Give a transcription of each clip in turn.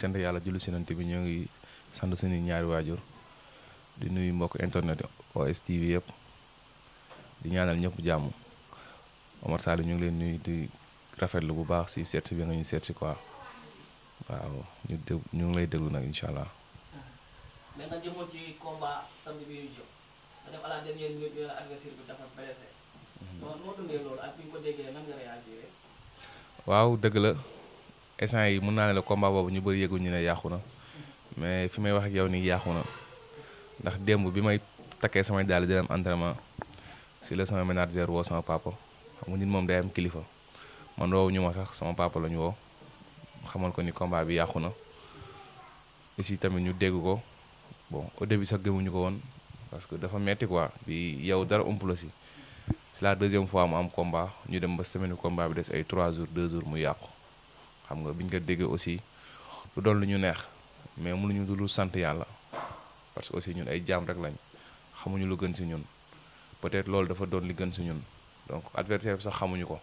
sant yàlla julli sinante bi ñoo ngi sant suñu ñaari waajur di nuyu mbokk internet OSTV yëpp di ñaanal ñëpp jàmm Omar Sall ñu ngi leen nuyu di rafetlu bu baax si seet si bi nga ñu seet si quoi waaw ñu dé lay déglu nag incha allah. Mhm. waaw dëgg la. essence yi mën naa ne la combat boobu ñu bëri yëgu ñu ne yàqu na mais fi may wax ak yow nii yàqu na ndax démb bi may takkee samay daal di dem si la sama manager woo sama papa xam nga moom day am kilifa man woowu ñu ma sax sama papa la ñu woo xamal ko ni combat bi yàqu na ici tamit ñu dégg ko bon au début sax gëmuñu ko woon parce que dafa metti quoi bi yow dara ëmp la si c'est la deuxième fois mu am combat ñu dem ba semaine combat bi des ay 3 jours 2 jours mu yàqu. xam nga biñ ko déggee aussi lu doon lu ñu neex mais mënuñu dul sant yàlla parce que aussi ñun ay jaam rek lañ xamuñu lu gën si ñun peut-être loolu dafa doon li gën si ñun donc adversaire bi sax xamuñu ko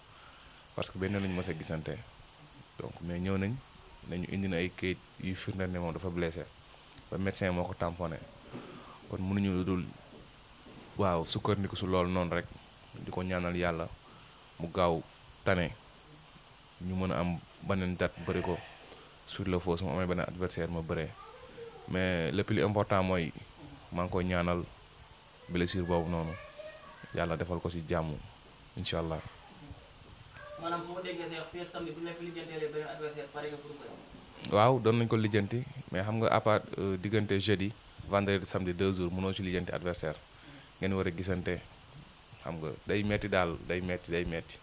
parce que benn lañu mës a gisante donc mais ñëw nañ nañu indi na ay kayit yu firndeel ne moom dafa blessé ba médecin moo ko tamponné kon mënuñu lu dul waaw sukkandiku su loolu noonu rek di ko ñaanal yàlla mu gaaw tane ñu mën a am beneen date bari ko sur le faux su ma amee beneen adversaire ma bëree mais lépp li important mooy maa ngi koy ñaanal blessure boobu noonu yàlla defal ko si jàmm incha allah. waaw doon nañ ko lijjanti mais xam nga à part euh, diggante jeudi vendredi samedi deux jours munoo ci lijjanti adversaire ngeen war a gisante xam nga day metti daal day metti day metti.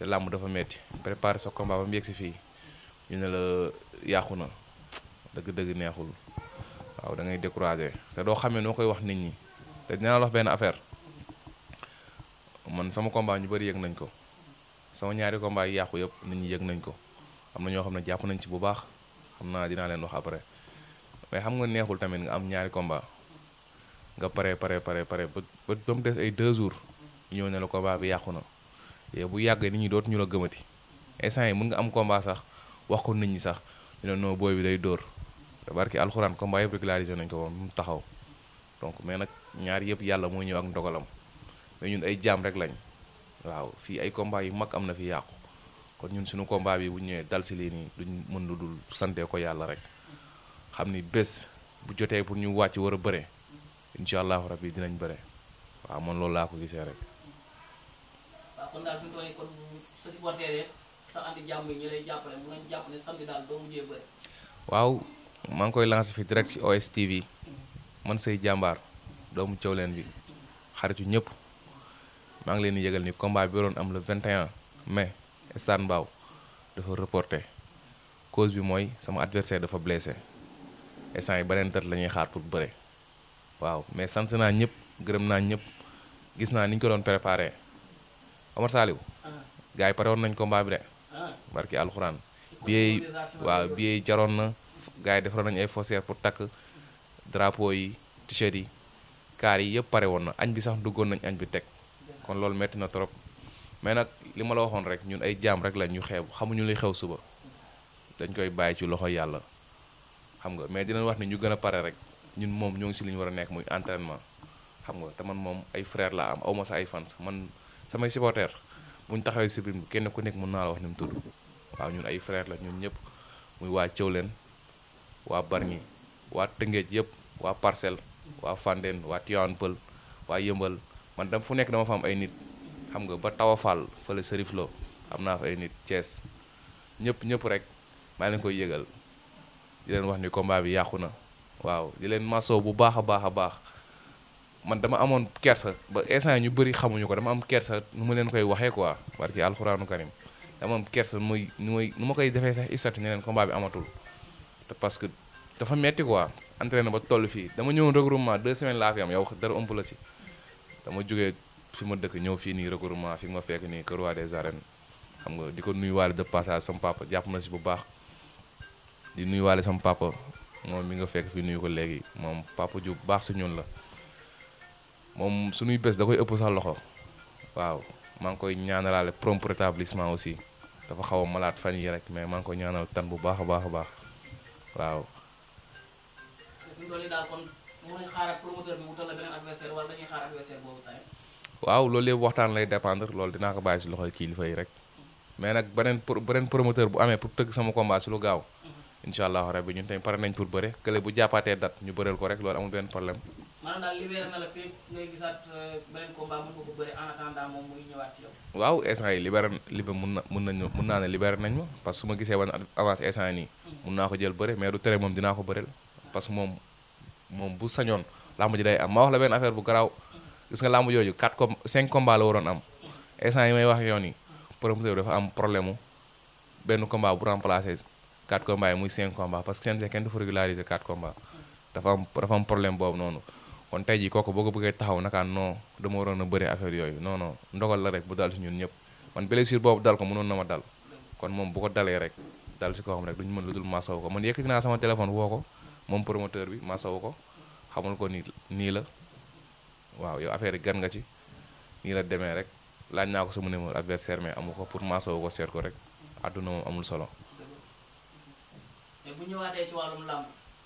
te làmb dafa metti préparer sa combat ba mu yegg si fii ñu ne la yàqu na dëgg-dëgg neexul waaw da ngay découragé te doo xamee noo koy wax nit ñi te dinaa la wax benn affaire man sama combat ñu bëri yëg nañ ko sama ñaari combat yàqu yëpp nit ñi yëg nañ ko am na ñoo xam ne jàpp nañ ci bu baax xam naa dinaa leen wax après mais xam nga neexul tamit nga am ñaari combat nga pare pare pare pare ba ba mu des ay deux jours ñëw ne la combat bi yàqu na. yow bu yàggee nit ñi dootuñu la gëmati instant yi mën nga am combat sax wax ko nit ñi sax ñu ne non booy bi day dóor te barki alxuraan combat yëpp régularisé nañ ko woon mu taxaw donc mais nag ñaar yëpp yàlla moo ñëw ak ndogalam mais ñun ay jaam rek lañ waaw fii ay combat yu mag am na fi yàqu kon ñun suñu combat bi bu ñëwee dal si lii nii duñ mën lu dul sante ko yàlla rek xam ni bés bu jotee pour ñu wàcc war a bëre incha allahu rabi dinañ bëre waaw man loolu laa ko gisee rek. waaw maa ngi koy lancé fi direct ci OSTV man say jàmbaar doomu coow leen bi xaritu ñëpp maa ngi leen di yëgal ni combat bi waroon am la 21 mai stade Mbao dafa reporté cause bi mooy sama adversaire dafa blessé instant yi beneen date la ñuy xaar pour bëre waaw mais sant naa ñëpp gërëm naa ñëpp gis naa niñ ko doon préparé. Omar Saliou ah. gars yi pare woon nañ combat bi de ah. barki alxuraan biyee waaw biyee jaroon na gars yi defaroon nañu ay faussaires pour takk drapeau yi t-shirt yi kaar yi yëpp pare woon na añ bi sax duggoon nañ añ bi teg kon loolu metti na trop mais nag li ma la waxoon rek ñun ay jaam rek la ñu xew xamuñu luy xew suba dañ koy bàyyi ci loxo yàlla xam nga mais dinañ wax ni ñu gën a pare rek ñun moom ñoo ngi si li ñu war a nekk muy entraînement xam nga te man samay supporters bu ñu taxawee si biir kenn ku nekk mën naa la wax ni mu tudd waaw ñun ay frère la ñun ñëpp muy waa Thiawlène waa barni waa Tëngéej yëpp waa parcelle waa Fandène waa Tivaouane Peulh waa Yëmbal man dam fu nekk dama fa am ay nit xam nga ba Tawa Fall fële Serif Lo am naa fa ay nit cees ñëpp ñëpp rek maa leen koy yëgal di leen wax ni combat bi yàqu na waaw di leen masoo bu baax a baax a baax man dama amoon kersa ba instant ñu bëri xamuñu ko dama am kersa nu ma leen koy waxee quoi barki alxuraanu karim dama am kersa muy nu may ma koy defee sax istati ne leen combat bi amatul te parce que dafa metti quoi entraîné ba toll fii dama ñëwoon regroupement deux semaines laa fi am yow dara ëmp la si dama jógee fi ma dëkk ñëw fii nii regroupement fi ma fekk nii Kër Waa des Arènes xam nga di ko nuyuwaale de passage sama papa jàpp na si bu baax di nuyuwaale sama papa moom mi nga fekk fi nuyu ko léegi moom papa ju baax su ñun la moom suñuy bés da koy ëpp sax loxo waaw maa ngi koy ñaanalaale prompt aussi dafa xaw a malaat fan yi rek mais maa ngi koy ñaanal bu baax a baax a baax waaw. waaw loolu yëpp waxtaan lay dépendre loolu dinaa ko bàyyi si loxo kilifa rek mais nag beneen pro beneen promoteur bu amee pour tëgg sama combat si lu gaaw. Mhm. incha allah rabi ñun tamit pare nañ pour bëre kële bu jàppaatee dat ñu bëreel ko rek loolu amul benn problème. maanaam daal libéré na la fépp euh, waaw instant yi libéré libéré mun na mun nañu mun naa ne libéré nañ ma parce que su ma gisee woon avance instant yi nii. Hmm. mun naa ko jël bëre mais du tere moom dinaa ko bëreel. parce que moom moom bu sañoon làmb ji day am ma wax la benn affaire bu garaw gis nga làmb jooju 4 com 5 combat la waroon am. Hmm. instant yi may wax yoon yi promoteur dafa am problème mu benn combat bu remplacé 4 combat yi muy 5 combat parce que CNG kenn du fa régulariser 4 combat hmm. dafa am dafa boobu noonu. kon tey jii kooku boo ko bëggee taxaw nakaan noo dama waroon a bëri affaire yooyu non non ndogal la rek bu dal si ñun ñëpp man blessure boobu dal ko mënoon na ma dal kon moom bu ko dalee rek dal si koo xam rek duñu mën lu dul maasawu ko man yëkkati naa sama téléphone woo ko moom promoteur bi maasawu ko xamul ko nii nii la waaw yow yi gan nga ci nii la demee rek laaj naa ko sama numéro adversaire mais amu ko pour maasawu ko seet ko rek àdduna moom amul solo.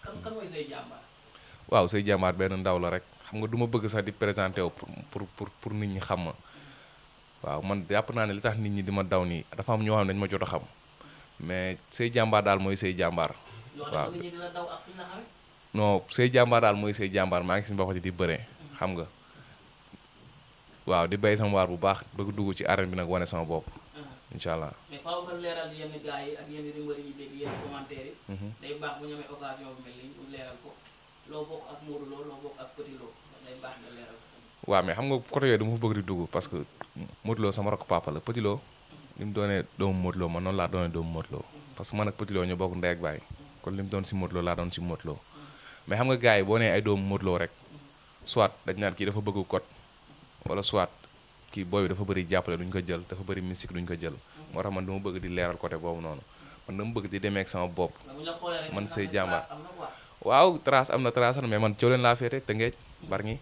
kan kan mooy say jàmbaar waaw say jàmbaar benn ndaw la rek xam nga du ma bëgg sax di présenté wu pour pour pour nit ñi xam ma waaw man jàpp naa ne li tax nit ñi di ma daw nii dafa am ñoo xam ne dañu ma jot a mais say jàmbaar daal mooy say jàmbaar. waaw jàmbaar daal mooy say jàmbaar maa ngi si mboq di bëre xam nga waaw di bay sama waar bu baax bëgg dugg ci arène bi nag wane sama bopp. Uh-huh. incha allah loo bokk ak Modou mais xam nga côté yooyu du fa bëgg di dugg parce que Modou Lo sama rakk papa la Petit li mu doonee doomu Modou Lo man noonu laa doonee doomu Modou Lo parce que man ak Petit Lo ñu bokk ndey ak baay kon li mu doon si Modou laa doon si Modou Lo mais xam nga gars yi boo nee ay doomu motloo rek soit dañ naan kii dafa bëgg kot wala soit kii booy dafa bëri jàppale duñ ko jël dafa bëri mystique duñ ko jël moo tax man dama bëgg di leeral côté boobu noonu man dama bëgg di demee ak bopp man say jàmbaar waaw trace am na trace mais man Thiolène laa féetee Tëngéej Bargny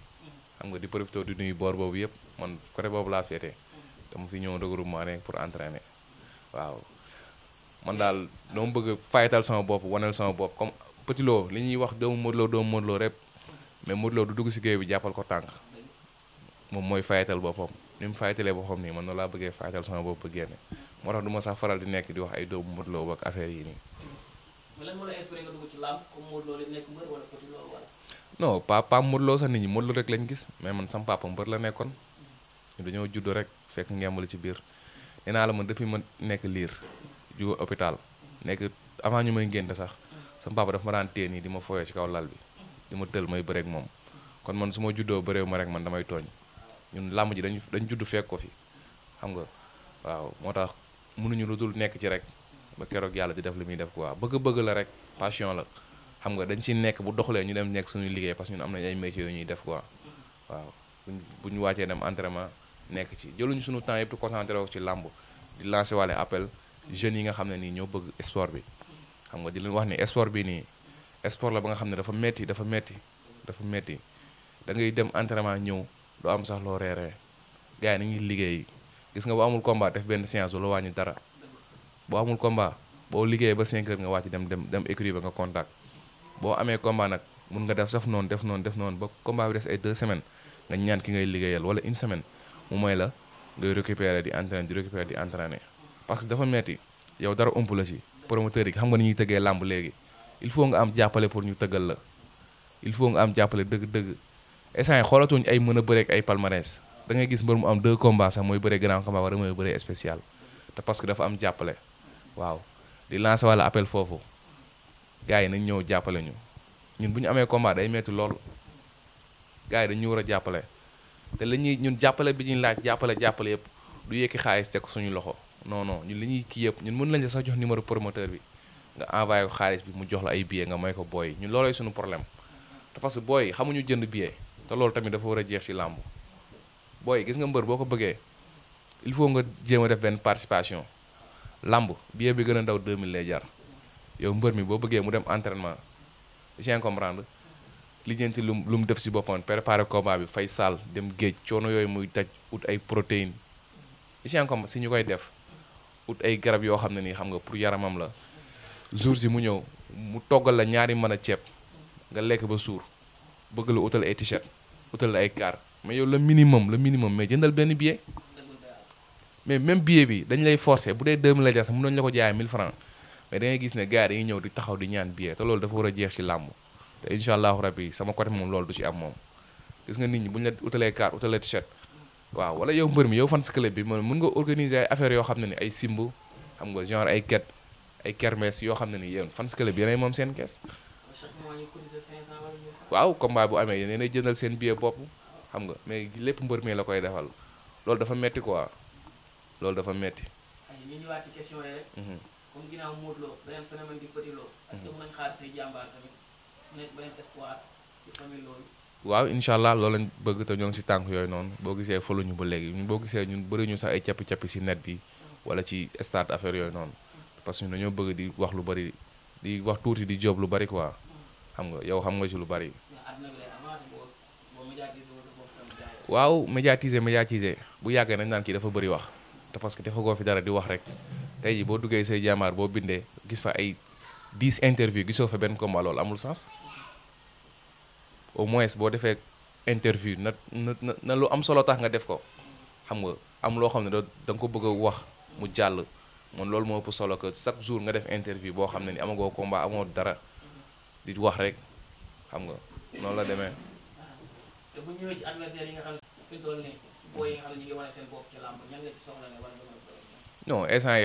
xam nga di profité di nuyu boor boobu yëpp man côté boobu laa féetee mu fi ñëw regroupement rek pour entraîner waaw man daal dama bëgg fayatal sama bopp waneel sama bopp comme Petit li ñuy wax doomu Modou Lo doomu rek mais Modou Lo dugg si géew bi jàppal ko tànk moom mooy fayatal boppam ni mu fayatalee boppam nii man noonu laa bëggee fayatal sama bopp ba génne moo tax du ma sax faral di nekk di wax ay doomu Modou Lo ak affaire yii nii. mais lan moo la pa pa Modou Lo sax nit ñi Modou rek lañ gis mais man sam papa mbër la nekkoon ñu dañoo judd rek fekk ngemb la ci biir nee la man depuis ma nekk liir ju hôpital nekk avant ñu may ngénte sax sam papa dafa ma daan téye nii di ma foyee ci kaw lal bi di ma tël may bëreeg moom kon man su ma juddoo bëreew ma rek man damay tooñ ñun làmb ji dañu dañ juddu fekk ko fi xam nga waaw moo tax mënuñu lu dul nekk ci rek ba keroog yàlla di def li muy def quoi bëgg-bëgg la rek passion la xam nga dañ ci nekk bu doxalee ñu dem nekk suñuy liggéey parce que am na ay métiers yu ñuy def waaw bu ñu wàccee dem entraînement nekk ci jëluñu suñu temps yëpp di concentré ci làmb di lancé waale jeunes yi nga xam ne nii ñoo bëgg sport bi xam nga di leen wax ni sport bi nii sport la ba nga xam ne dafa metti dafa metti dafa metti da ngay dem entraînement ñëw doo am sax loo reeree gars yi nañuy liggéey gis nga bu amul combat def benn séance du la wàññi dara boo amul combat boo liggéeyee ba 5 heures nga wàcc dem dem dem écrire nga contact boo amee combat nag mun nga def saf noon def noon def noon ba combat bi des ay 2 semaines nga ñaan ki ngay liggéeyal wala une semaine mu mooy la ngay récupérer di entraîner di récupérer di entraîner parce que dafa metti yow dara ëmp la si promoteur yi xam nga ni ñuy tëggee làmb léegi il faut nga am jàppale pour ñu tëggal la il faut nga am jàppale dëgg-dëgg instant yi xoolatuñ ay mën a bëreek ay palmarès da ngay gis mbër mu am deux combats mooy bëree grand combat wala mooy bëree spécial te parce que dafa am jàppale waaw di lancer walla appel foofu gars yi nañ ñëw jàppale ñu ñun bu ñu amee combat day metti loolu gars yi dañu war a jàppale te li ñuy ñun jàppale bi ñuy laaj jàppale jàppale yëpp du yékki xaalis teg ko suñu loxo non ñun li ñuy kii yëpp ñun mën lañ sax jox numéro promoteur bi nga envoyé ko xaalis bi mu jox la ay billets nga may ko booy ñu loolooy suñu problème te parce que booy yi xamuñu jënd billet te loolu tamit dafa war a jeex ci làmb booy gis nga mbër boo ko bëggee il faut nga jéem a def benn làmb billet bi gën a ndaw 2000 lay jar yow mbër mi boo bëggee mu dem entraînement j'ai comprendre lijjanti lu lu mu def si boppam préparer combat bi fay saal dem géej coono yooyu muy taj ut ay protéines j'ai si ñu koy def ut ay garab yoo xam ne nii xam nga pour yaramam la jours si mu ñëw mu toggal la ñaari mën a ceeb nga lekk ba suur bëgg la utal ay t-shirt utal la ay kaar mais yow le minimum le minimum mais jëndal benn billet. mais même billet bi dañ lay forcer bu dee 2000 la jar sax mënoon la ko jaay 1000 francs mais da gis ne gars yi dañuy ñëw di taxaw di ñaan billet te loolu dafa war a jeex ci làmb te incha allahu rabbi sama côté moom loolu du ci am moom gis nga nit ñi bu ñu la utalee carte utalee t-shirt waaw wala yow mbër mi yow fan si club bi mën nga organiser ay yoo xam ne ni ay simb xam nga genre ay ket ay kermesse yoo xam ne ni yéen fan si club bi yéenay moom seen kees waaw bu amee yéenay jëndal seen billet bopp xam nga mais lépp mbër mi la koy defal loolu dafa metti quoi loolu dafa metti ñu ñëwaat mhm. Lo mhm. waaw incha allah loolu lañ bëgg te ñoo ngi si tànk yooyu noonu boo gisee foluñu ba léegi ñun boo gisee ñun bëri ñu sax ay cappi-cappi si net bi wala ci stade affaire yooyu noonu parce que ñun dañoo bëgg di wax lu bari di wax tuuti di job lu bari quoi xam nga yow xam nga ci lu bari. waaw médiatiser médiatiser bu yàggee nañ naan kii dafa bëri wax. te parce que dafa defagoo fi dara di wax rek tey boo duggee say jaamaar boo bindee gis fa ay 10 interview gisoo fa benn combat loolu amul sens au moins boo defee interview na na na lu am solo tax nga def ko xam nga am loo xam ne da nga ko bëgg a wax mu jàll man loolu moo ëpp solo ko chaque jour nga def interview boo xam ne ni amagoo combat amoon dara di wax rek xam nga noonu la demee. booy yi xam nga yi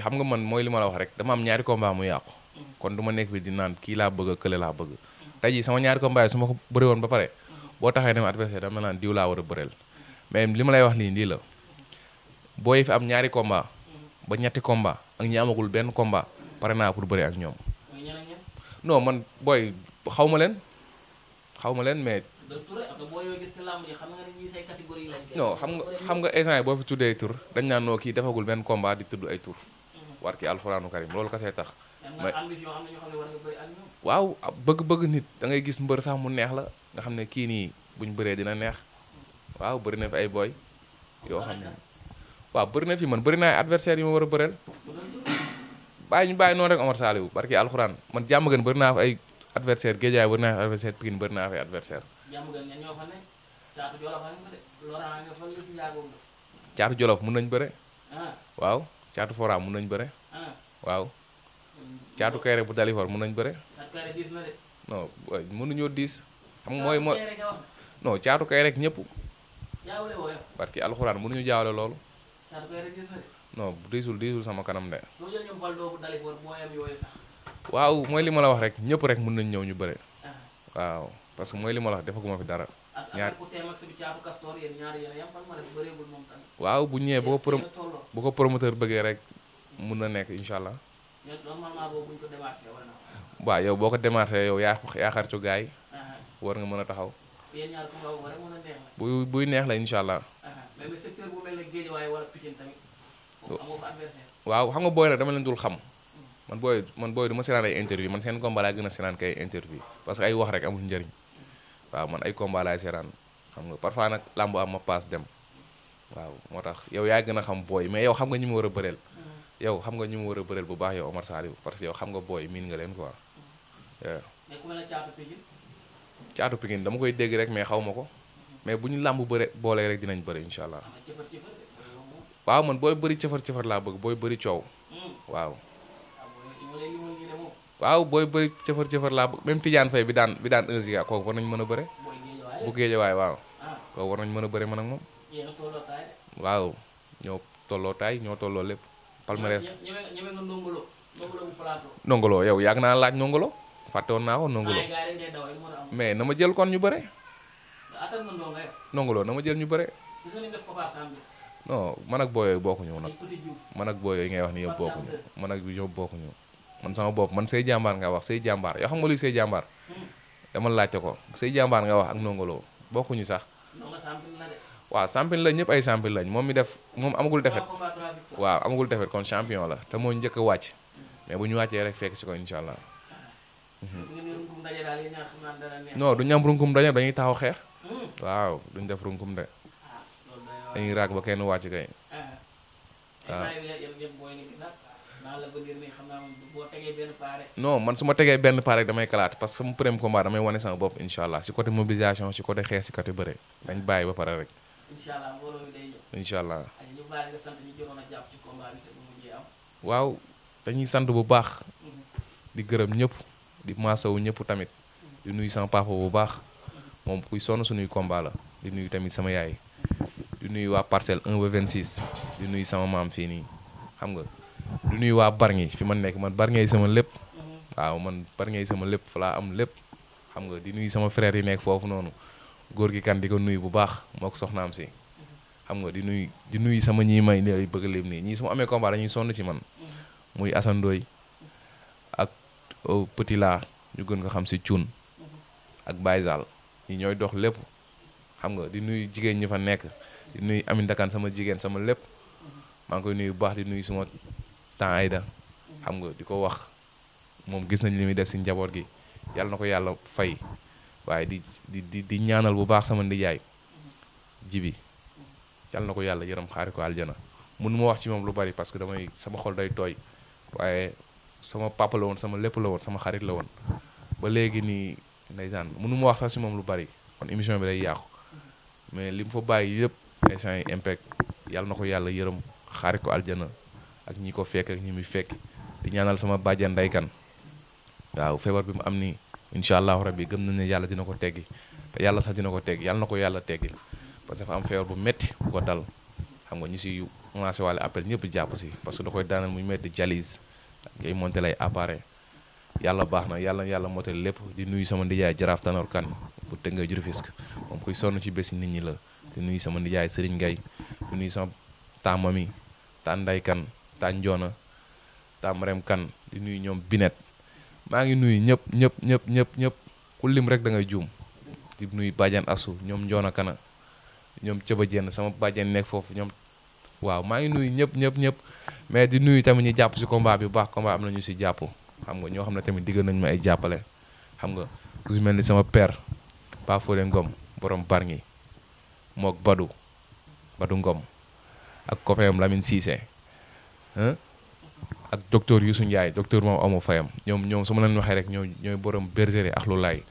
xam nga man mooy li ma la wax rek dama am ñaari kombaa mu yàqu mm. kon du ma nekk fi di naan kii laa bëgg mm. kële laa bëgg tey jii sama ñaari combat yi su ma ko bëri woon ba pare boo mm. taxee ne ma adversaire dama naan diw war a bëreel mais li ma lay wax nii lii la booy fi am ñaari combat ba ñetti combat ak ñi amagul benn combat pare naa pour bëri ak ñoom no man booy xaw ma leen xaw ma leen mais non xam nga xam nga instant boo fi tuddee tur dañ naan noo kii defagul benn combat di tudd ay tur war mhm. ki alxuraanu karim loolu kasee tax mais waaw bëgg-bëgg nit da ngay gis mbër sax mu neex la nga xam ne kii nii buñ bëree dina neex waaw bëri na fi ay booy yoo xam ne waaw bëri na fi man bëri naa ay adversaire yu ma war a bëreel bàyyi ñu bàyyi noonu rek Omar Saliou barki alxuraan man jàmm gën bëri naa fi ay adversaire géejaay bëri naa fi adversaire Pikine bëri jàmm gën ñoo caatu jolof mun nañ bëre. Ah. waaw caatu fora mun nañ bëre. Ah. waaw caatu kayre bu dalifor mun nañ bëre. caatu kayre diis na diis. xam caatu kay rek ñëpp. jaawale parce que alxuraan mënuñu jaawale loolu. caatu kay diisul diisul sama kanam de. waaw mooy li ma la wax rek ñépp rek mun nañ ñëw ñu bëre. Ah. waaw. parce que mooy li ma la wax defaguma fi dara. ñaar waaw bu ñëwee bu ko pro promoteur bëggee rek mun na nekk incha allah. waaw yow boo ko démarché yow yaa xaritu gars uh-huh. war nga mën a taxaw. bu buy neex la incha allah. Uh-huh. waaw xam nga booy nag dama leen dul xam. Mm. man booy man booy du ma ay interview man seen combat laa gën a seetaan kay interview parce que ay wax rek amul njëriñ. waaw man ay combat laay seetaan xam nga parfois nag làmb am ma paas dem waaw moo tax yow yaa gën a xam booy mais yow xam nga ñi ma war a bëreel. Hmm. yow xam nga ñu mu war a bëreel bu baax yow Omar Saliou parce que yow xam nga booy miin nga leen quoi. Hmm. mais dama koy dégg rek mais xaw ma ko. mais bu ñu làmb bëre boolee rek dinañ bëre incha allah. Ah, waaw man booy bëri cëfar cëfar laa bëgg booy bari coow. Hmm. waaw. waaw booy bëri cëfër cëfër laa bëgg même Tidiane Faye bi daan bi daan 1 giga kooku war nañ mën a bëre. bu géejawaay waaw. kooku war nañ mën a bëre man ak moom. waaw ñoo tolloo taay ñoo yow yàgg laaj nongolo fàtte naa ko nongolo mais jël kon ñu bëre. nongolo na jël ñu bëre. non man ak booy nag man ak booy yooyu ngay wax ni yëpp bokkuñu man ak bi ñëpp bokkuñu man sama bopp man say jàmbaar nga wax say jàmbaar yoo xam nga luy say jàmbaar dama laajte ko say jàmbaar nga wax ak ndongolo bokkuñu sax. waaw champion lañ ñëpp ay champion lañ moom mi def moom amagul defet waaw amagul defet kon champion la te moo njëkk a wàcc mais bu ñu wàccee rek fekk si ko incha allah. non du ñu am runkum daje dañuy taxaw xeex. Hmm. waaw duñ def runkum de ah, dañuy raag ba kenn wàcc kay ah. Ah. naa man su ma tegee benn paa damay kalaat parce que sama premier combat damay wane sama bopp incha allah si côté mobilisation si côté xeex si côté bëre dañ bàyyi ba pare rek. incha allah waaw dañuy sant bu baax. Mhm. di gërëm ñëpp di wu ñëpp tamit. Mhm. di nuyu sama papa bu baax. moom kuy sonn sunuy combat la di nuyu tamit sama yaay. di nuyu waa parcelle 1 ba 26 di nuyu sama maam fii nii xam nga. du nuyu waa Bargny fi ma nekk man Bargny sama lépp waaw man Bargny sama lépp falaa am lépp xam nga di nuyu sama frère yi nekk foofu noonu góor gi kan di ko nuyu bu baax moo ko soxnaam si xam nga di nuyu di nuyu sama ñi may lay bëgg lim nii ñii amee combat dañuy sonn man muy Assane ak oh, Petit La ñu xam si Thioune ak Baye Zal ñi dox lépp xam nga di nuyu jigéen ñi fa nekk di nuyu Amin Dakan sama jigéen sama lépp maa ngi koy nuyu bu baax di nuyu suma temps Aïda xam nga di ko wax moom gis nañ li muy def si njaboot gi yàlla na ko yàlla fay waaye di di di ñaanal bu baax sama ndijaay jibi yàlla na ko yàlla yërëm xaari ko aljana mënu ma wax ci moom lu bari parce que damay sama xol day tooy waaye sama papa woon sama lépp sama xarit la woon ba léegi nii ndeysaan mënu ma wax sax ci moom lu bari kon émission bi day yàqu mais li mu bàyyi yëpp yi impact yàlla na ko yàlla yërëm xaari ko aljana ak ñii ko fekk ak ñi muy fekk di ñaanal sama bàjjan ndeykan waaw feebar bi mu am nii incha allahu rabbi gëm nañ ne yàlla dina ko teggi te yàlla sax dina ko teggi yàlla na ko yàlla teggi parce que dafa am feebar bu métti bu ko dal xam nga ñu si lancé waale appel ñëpp jàpp si parce que da koy daanal muy métti jalise ngay monté lay appareil yàlla baax na yàlla yàlla motel lépp di nuyu sama ndijaay jaraaf Tanor Kan bu tëg ngay jurufisk moom kuy sonn ci bési nit ñi la di nuyu sama nijaay Serigne Ngay di nuyu sama taamami tànday tànjoona tàmmarem kan di nuyu ñoom binet maa ngi nuyu ñëpp ñëpp ñëpp ñëpp ñëpp ku lim rek dangay juum di nuyu bàjjan asu ñoom njoona kana ñoom cëba jenn sama bàjjan nekk foofu ñoom waaw maa ngi nuyu ñëpp ñëpp ñëpp mais di nuyu tamit ñu jàpp si combat bi baax combat am na ñu si jàpp xam nga ñoo xam ne tamit diggal nañu ma ay jàppale xam nga ku si mel ni sama père Paa Fodé Ngom borom barñi mook Badu Badu Ngom ak copain Lamine Cissé ak yu su Ndiaye docteur moom amu fayam ñoom ñoom su ma leen waxee rek ñooy ñooy borom bergerie ak lu laay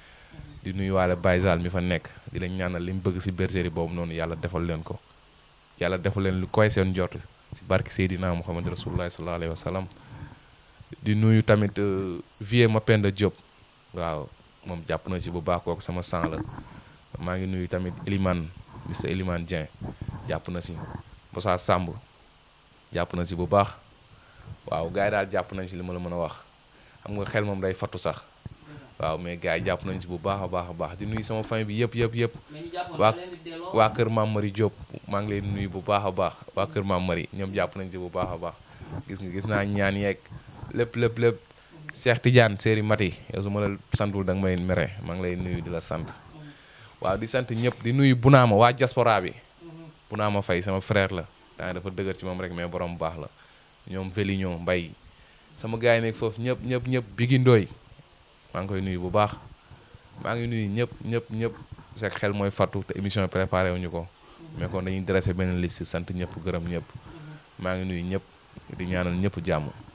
di nuyuwaale Baye Zal mi fa nekk di leen ñaanal li mu bëgg si bergerie boobu noonu yàlla defal leen ko yàlla defal leen lu koy seen njort si barke Seydina Muhammad Rasulullah sallallahu alayhi wa sallam di nuyu tamit euh, vie Mapenda Diop waaw moom jàpp na si bu baax kooku sama sang la maa ngi nuyu tamit Elimane monsieur Elimane Dieng jàpp na si Moussa Samb jàpp na si bu baax waaw gars yi daal jàpp nañ si li ma la mën a wax xam nga xel moom day fattu sax waaw mais gars yi jàpp nañ si bu baax a baax a baax di nuyu sama famille bi yëpp yëpp yëpp waa waa kër Maam Marie maa ngi leen nuyu bu baax a baax waa kër Maam ñoom jàpp nañ si bu baax a baax gis nga gis naa ñaan yeeg lépp lépp lépp Cheikh tijaan Séri Mati yow su ma la santul da nga may mere maa ngi lay nuyu di la sant waaw di sant ñëpp di nuyu Bunaama waa diaspora bi mhm. Bunaama fay sama freer la temps dafa dëgër ci moom rek mais borom baax la ñoom ñoo mbay sama gars yi nekk foofu ñëpp ñëpp ñëpp Bigui maa ngi koy nuyu bu baax maa ngi nuyu ñëpp ñëpp ñëpp sek xel mooy fàttu te émission préparé wuñu ko mais kon dañuy dressé benn liste sant ñëpp gërëm ñëpp maa ngi nuyu ñëpp di ñaanal ñëpp jàmm